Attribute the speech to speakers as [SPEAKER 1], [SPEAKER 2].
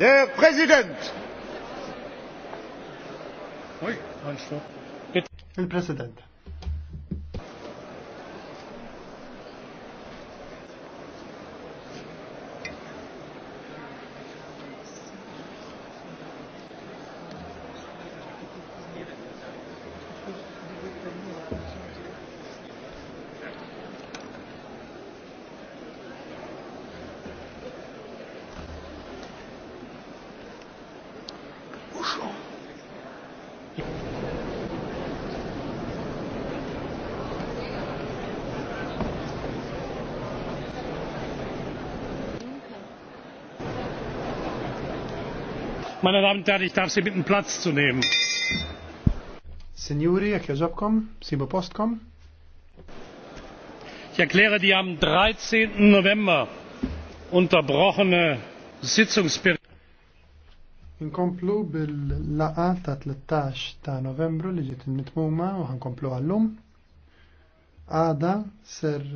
[SPEAKER 1] Der Präsident! Il-President.
[SPEAKER 2] Meine Damen und Herren, ich darf Sie bitten, Platz zu nehmen. Signori, jekk jaġobkom, sibu postkom. Ich erkläre die am 13. November unterbrochene
[SPEAKER 3] Sitzungsperiode.
[SPEAKER 4] Inkomplu bil-laqa ta' 13 ta' novembru li ġiet nitmuma u ħankomplu għallum. Għada
[SPEAKER 5] ser